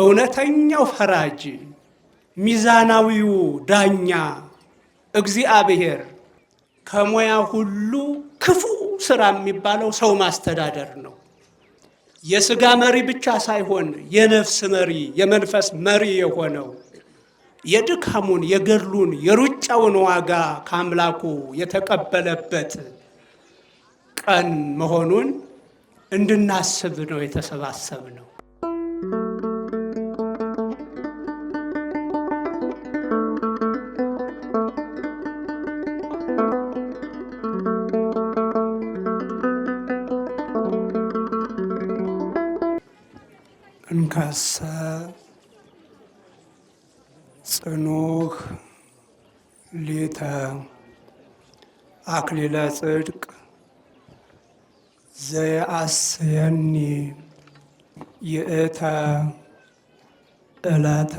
እውነተኛው ፈራጅ ሚዛናዊው ዳኛ እግዚአብሔር ከሙያ ሁሉ ክፉ ስራ የሚባለው ሰው ማስተዳደር ነው። የስጋ መሪ ብቻ ሳይሆን የነፍስ መሪ፣ የመንፈስ መሪ የሆነው የድካሙን፣ የገድሉን፣ የሩጫውን ዋጋ ከአምላኩ የተቀበለበት ቀን መሆኑን እንድናስብ ነው የተሰባሰብ ነው። ማሰብ ጽኑህ ሊተ አክሊለ ጽድቅ ዘየአስየኒ ይእተ ዕለተ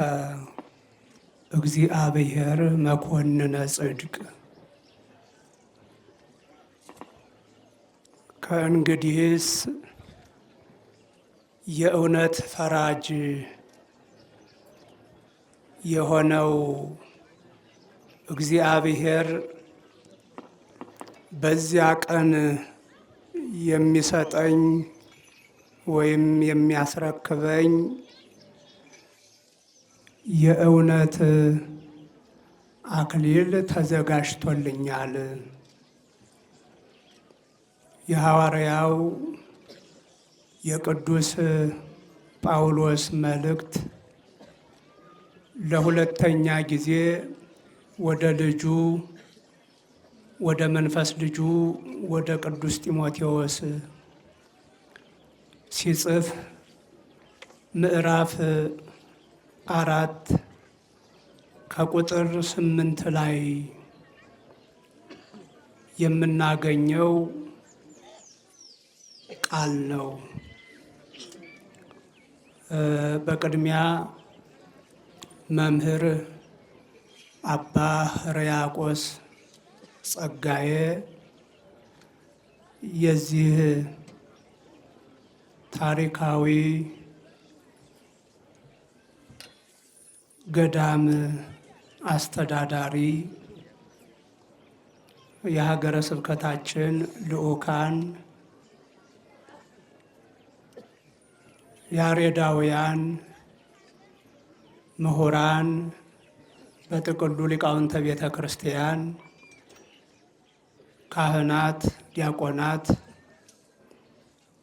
እግዚአብሔር መኮንነ ጽድቅ። ከእንግዲህስ የእውነት ፈራጅ የሆነው እግዚአብሔር በዚያ ቀን የሚሰጠኝ ወይም የሚያስረክበኝ የእውነት አክሊል ተዘጋጅቶልኛል። የሐዋርያው የቅዱስ ጳውሎስ መልእክት ለሁለተኛ ጊዜ ወደ ልጁ ወደ መንፈስ ልጁ ወደ ቅዱስ ጢሞቴዎስ ሲጽፍ ምዕራፍ አራት ከቁጥር ስምንት ላይ የምናገኘው ቃል ነው። በቅድሚያ መምህር አባ ሕርያቆስ ጸጋዬ የዚህ ታሪካዊ ገዳም አስተዳዳሪ የሀገረ ስብከታችን ልኡካን ያሬዳውያን ምሁራን፣ በጥቅሉ ሊቃውንተ ቤተ ክርስቲያን፣ ካህናት፣ ዲያቆናት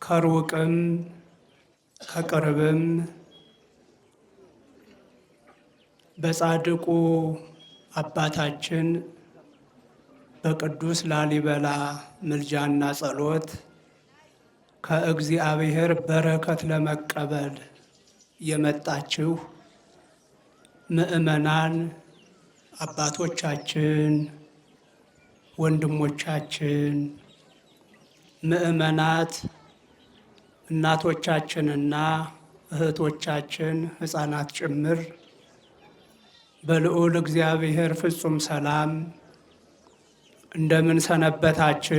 ከሩቅም ከቅርብም በጻድቁ አባታችን በቅዱስ ላሊበላ ምልጃና ጸሎት ከእግዚአብሔር በረከት ለመቀበል የመጣችሁ ምዕመናን አባቶቻችን፣ ወንድሞቻችን፣ ምዕመናት፣ እናቶቻችንና እህቶቻችን፣ ሕፃናት ጭምር በልዑል እግዚአብሔር ፍጹም ሰላም እንደምን ሰነበታችሁ?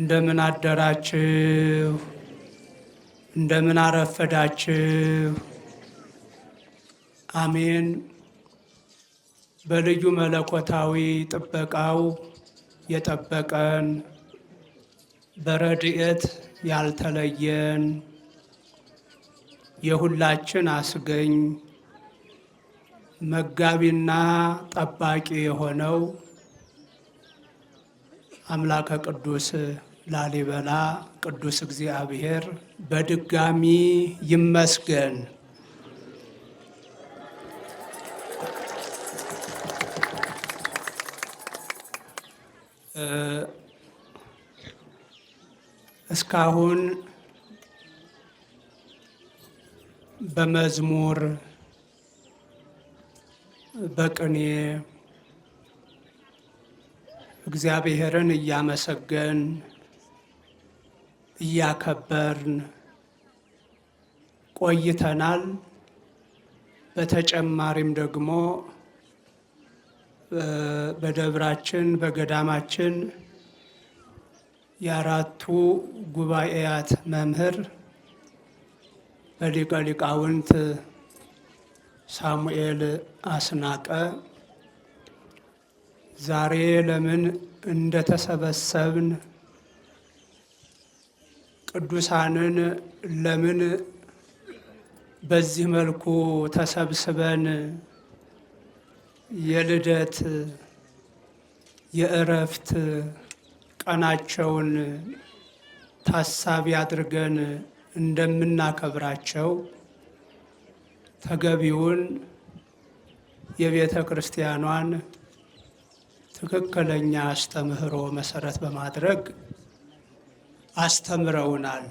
እንደምን አደራችሁ? እንደምን አረፈዳችሁ? አሜን። በልዩ መለኮታዊ ጥበቃው የጠበቀን በረድኤት ያልተለየን የሁላችን አስገኝ መጋቢና ጠባቂ የሆነው አምላከ ቅዱስ ላሊበላ ቅዱስ እግዚአብሔር በድጋሚ ይመስገን። እስካሁን በመዝሙር በቅኔ እግዚአብሔርን እያመሰገን እያከበርን ቆይተናል። በተጨማሪም ደግሞ በደብራችን በገዳማችን የአራቱ ጉባኤያት መምህር በሊቀ ሊቃውንት ሳሙኤል አስናቀ ዛሬ ለምን እንደተሰበሰብን ቅዱሳንን ለምን በዚህ መልኩ ተሰብስበን የልደት የእረፍት ቀናቸውን ታሳቢ አድርገን እንደምናከብራቸው ተገቢውን የቤተ ክርስቲያኗን ትክክለኛ አስተምህሮ መሰረት በማድረግ አስተምረውናል።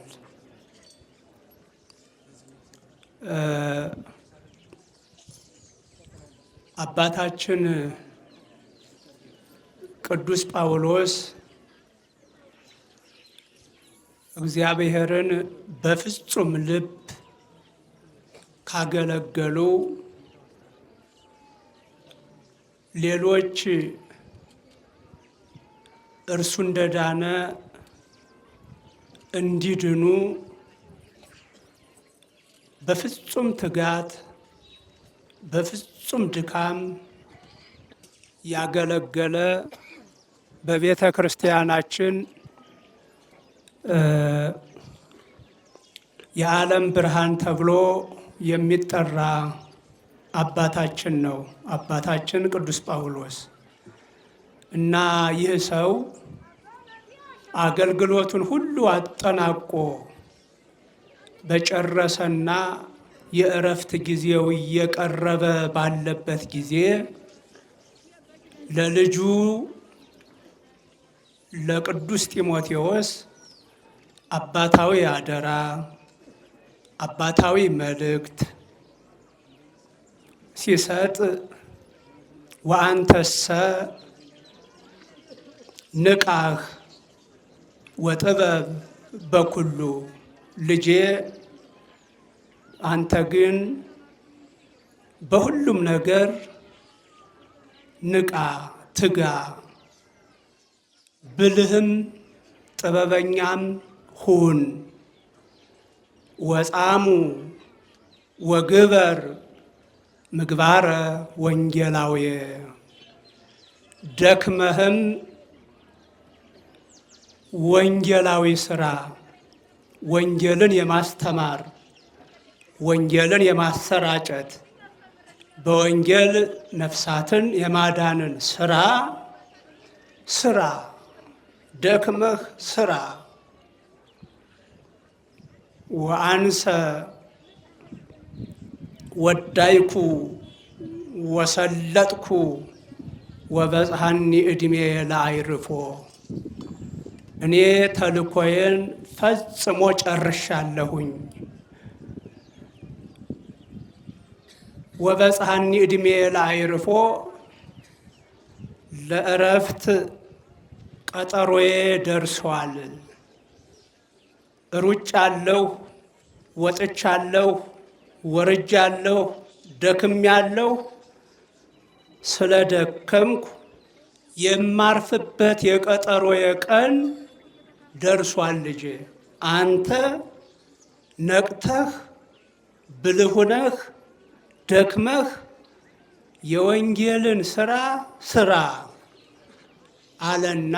አባታችን ቅዱስ ጳውሎስ እግዚአብሔርን በፍጹም ልብ ካገለገሉ ሌሎች እርሱ እንደዳነ እንዲድኑ በፍጹም ትጋት በፍጹም ድካም ያገለገለ በቤተ ክርስቲያናችን የዓለም ብርሃን ተብሎ የሚጠራ አባታችን ነው። አባታችን ቅዱስ ጳውሎስ እና ይህ ሰው አገልግሎቱን ሁሉ አጠናቆ በጨረሰና የእረፍት ጊዜው እየቀረበ ባለበት ጊዜ ለልጁ ለቅዱስ ጢሞቴዎስ አባታዊ አደራ፣ አባታዊ መልእክት ሲሰጥ ወአንተሰ ንቃህ ወጥበብ በኩሉ ልጄ አንተ ግን በሁሉም ነገር ንቃ፣ ትጋ፣ ብልህም ጥበበኛም ሁን። ወጻሙ ወግበር ምግባረ ወንጌላዊ ደክመህም ወንጌላዊ ስራ ወንጌልን የማስተማር ወንጌልን የማሰራጨት በወንጌል ነፍሳትን የማዳንን ስራ ስራ ደክመህ ስራ ወአንሰ ወዳይኩ ወሰለጥኩ ወበጽሐኒ ዕድሜ ለአይርፎ እኔ ተልኮዬን ፈጽሞ ጨርሻለሁኝ። ወበፀሐኒ ዕድሜ ለአይርፎ ለእረፍት ቀጠሮዬ ደርሷል። ሩጫለሁ፣ ወጥቻለሁ፣ ወርጃለሁ፣ ደክሜያለሁ። ስለ ደከምኩ የማርፍበት የቀጠሮዬ ቀን ደርሷል ልጅ አንተ ነቅተህ ብልሁነህ ደክመህ የወንጌልን ስራ ስራ አለና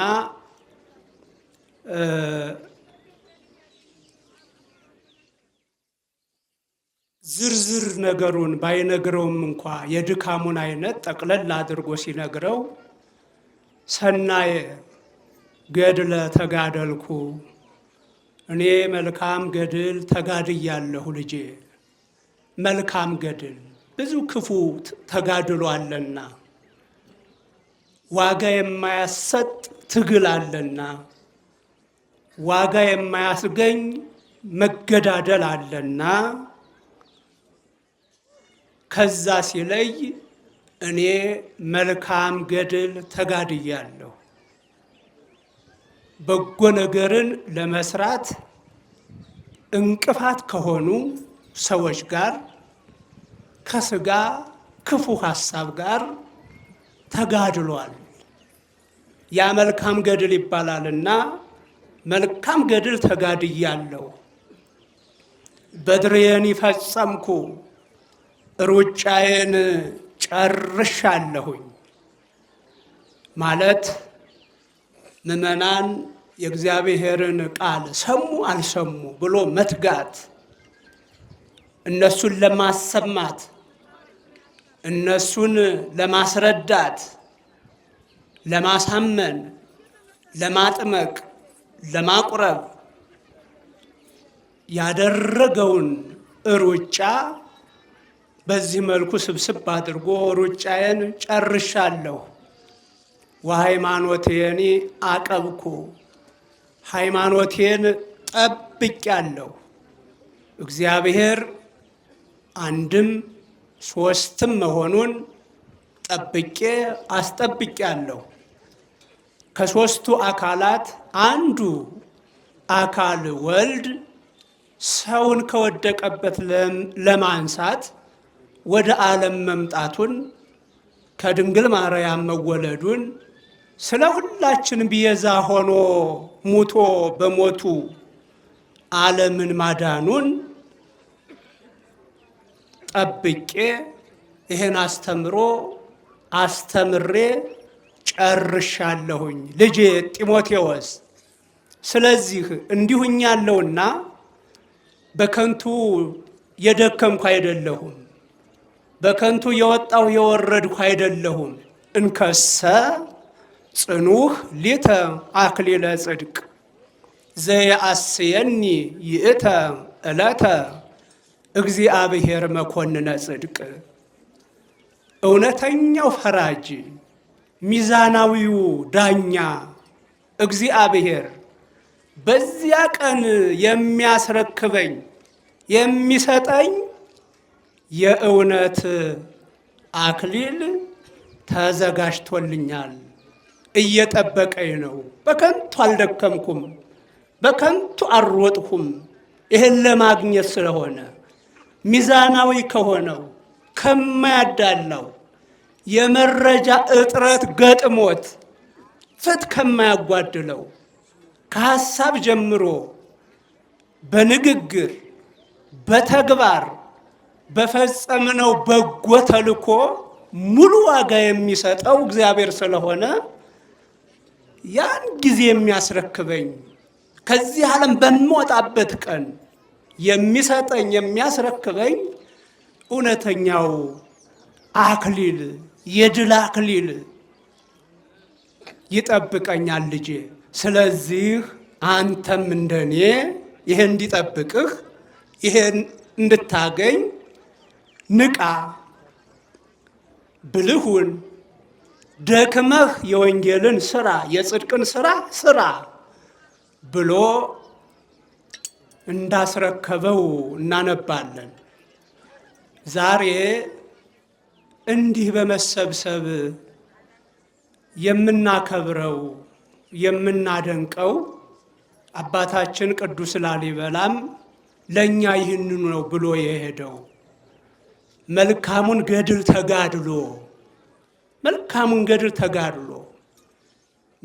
ዝርዝር ነገሩን ባይነግረውም እንኳ የድካሙን አይነት ጠቅለል አድርጎ ሲነግረው ሰናየ ገድለ ተጋደልኩ እኔ መልካም ገድል ተጋድያለሁ ልጄ መልካም ገድል ብዙ ክፉ ተጋድሎ አለና ዋጋ የማያሰጥ ትግል አለና ዋጋ የማያስገኝ መገዳደል አለና ከዛ ሲለይ እኔ መልካም ገድል ተጋድያለሁ በጎ ነገርን ለመስራት እንቅፋት ከሆኑ ሰዎች ጋር ከስጋ ክፉ ሀሳብ ጋር ተጋድሏል። ያ መልካም ገድል ይባላልና መልካም ገድል ተጋድያለሁ። በድሬን ይፈጸምኩ ሩጫዬን ጨርሻለሁኝ ማለት ምእመናን የእግዚአብሔርን ቃል ሰሙ አልሰሙ ብሎ መትጋት እነሱን ለማሰማት እነሱን ለማስረዳት፣ ለማሳመን፣ ለማጥመቅ፣ ለማቁረብ ያደረገውን ሩጫ በዚህ መልኩ ስብስብ አድርጎ ሩጫዬን ጨርሻለሁ ወሃይማኖቴኒ አቀብኩ ሃይማኖቴን ጠብቄአለሁ። እግዚአብሔር አንድም ሶስትም መሆኑን ጠብቄ አስጠብቄአለሁ። ከሶስቱ አካላት አንዱ አካል ወልድ ሰውን ከወደቀበት ለማንሳት ወደ ዓለም መምጣቱን ከድንግል ማርያም መወለዱን ስለ ሁላችን ቢየዛ ሆኖ ሙቶ በሞቱ ዓለምን ማዳኑን ጠብቄ ይህን አስተምሮ አስተምሬ ጨርሻለሁኝ ልጄ ጢሞቴዎስ። ስለዚህ እንዲሁኝ በከንቱ የደከምኩ አይደለሁም፣ በከንቱ የወጣሁ የወረድኩ አይደለሁም እንከሰ ጽኑህ ሊተ አክሊለ ጽድቅ ዘየአስየኒ ይእተ ዕለተ እግዚአብሔር መኮንነ ጽድቅ እውነተኛው ፈራጅ ሚዛናዊው ዳኛ እግዚአብሔር በዚያ ቀን የሚያስረክበኝ የሚሰጠኝ የእውነት አክሊል ተዘጋጅቶልኛል። እየጠበቀኝ ነው። በከንቱ አልደከምኩም፣ በከንቱ አልሮጥኩም። ይህን ለማግኘት ስለሆነ ሚዛናዊ ከሆነው ከማያዳላው የመረጃ እጥረት ገጥሞት ፍት ከማያጓድለው ከሐሳብ ጀምሮ በንግግር በተግባር በፈጸምነው በጎ ተልኮ ሙሉ ዋጋ የሚሰጠው እግዚአብሔር ስለሆነ ያን ጊዜ የሚያስረክበኝ ከዚህ ዓለም በምወጣበት ቀን የሚሰጠኝ የሚያስረክበኝ እውነተኛው አክሊል የድል አክሊል ይጠብቀኛል ልጄ። ስለዚህ አንተም እንደኔ ይሄ እንዲጠብቅህ ይሄን እንድታገኝ ንቃ፣ ብልሁን ደክመህ የወንጌልን ስራ የጽድቅን ስራ ስራ ብሎ እንዳስረከበው እናነባለን። ዛሬ እንዲህ በመሰብሰብ የምናከብረው የምናደንቀው አባታችን ቅዱስ ላሊበላም ለእኛ ይህንኑ ነው ብሎ የሄደው መልካሙን ገድል ተጋድሎ መልካሙን ገድል ተጋድሎ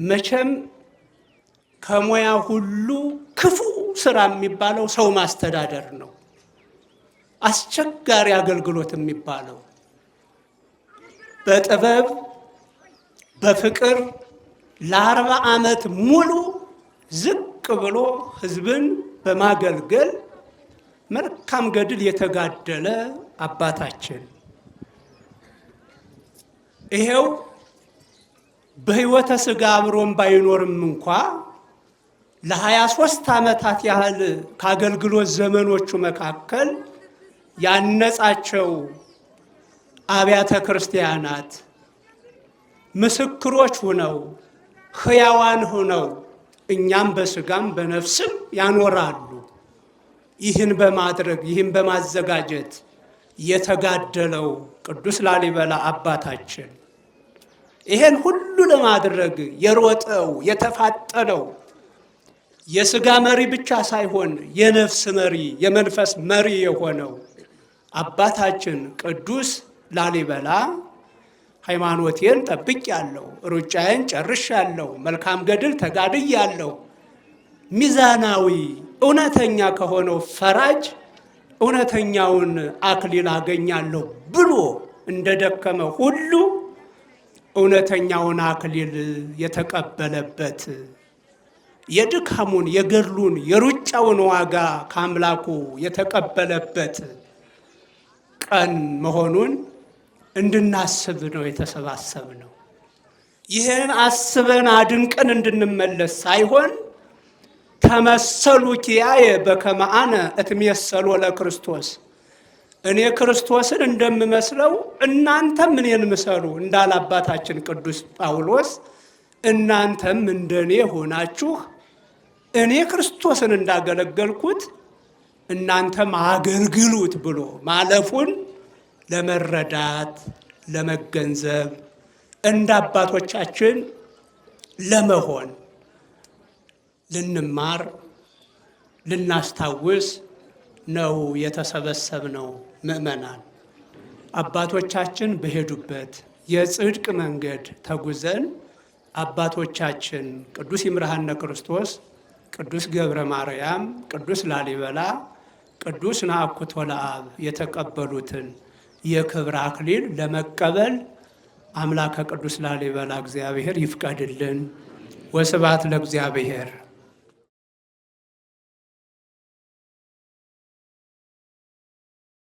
መቼም ከሙያ ሁሉ ክፉ ስራ የሚባለው ሰው ማስተዳደር ነው። አስቸጋሪ አገልግሎት የሚባለው በጥበብ በፍቅር ለአርባ ዓመት ሙሉ ዝቅ ብሎ ህዝብን በማገልገል መልካም ገድል የተጋደለ አባታችን ይሄው በሕይወተ ሥጋ አብሮም ባይኖርም እንኳ ለሀያ ሦስት ዓመታት ያህል ከአገልግሎት ዘመኖቹ መካከል ያነጻቸው አብያተ ክርስቲያናት ምስክሮች ሁነው ሕያዋን ሁነው እኛም በሥጋም በነፍስም ያኖራሉ። ይህን በማድረግ ይህን በማዘጋጀት የተጋደለው ቅዱስ ላሊበላ አባታችን ይሄን ሁሉ ለማድረግ የሮጠው የተፋጠነው የስጋ መሪ ብቻ ሳይሆን የነፍስ መሪ የመንፈስ መሪ የሆነው አባታችን ቅዱስ ላሊበላ ሃይማኖቴን ጠብቄያለሁ፣ ሩጫዬን ጨርሻለሁ፣ መልካም ገድል ተጋድያለሁ፣ ሚዛናዊ እውነተኛ ከሆነው ፈራጅ እውነተኛውን አክሊል አገኛለሁ ብሎ እንደደከመ ሁሉ እውነተኛውን አክሊል የተቀበለበት የድካሙን የገድሉን የሩጫውን ዋጋ ከአምላኩ የተቀበለበት ቀን መሆኑን እንድናስብ ነው የተሰባሰብ ነው። ይህን አስበን አድንቀን እንድንመለስ ሳይሆን ተመሰሉ ኪያየ በከመ አነ እትሜሰሎ ለክርስቶስ እኔ ክርስቶስን እንደምመስለው እናንተም እኔን ምሰሉ እንዳለ አባታችን ቅዱስ ጳውሎስ እናንተም እንደኔ ሆናችሁ እኔ ክርስቶስን እንዳገለገልኩት እናንተም አገልግሉት ብሎ ማለፉን ለመረዳት ለመገንዘብ እንደ አባቶቻችን ለመሆን ልንማር ልናስታውስ ነው የተሰበሰብነው። ምእመናን አባቶቻችን በሄዱበት የጽድቅ መንገድ ተጉዘን አባቶቻችን ቅዱስ ይምርሃነ ክርስቶስ፣ ቅዱስ ገብረ ማርያም፣ ቅዱስ ላሊበላ፣ ቅዱስ ናአኩቶ ለአብ የተቀበሉትን የክብር አክሊል ለመቀበል አምላከ ቅዱስ ላሊበላ እግዚአብሔር ይፍቀድልን። ወስብሐት ለእግዚአብሔር።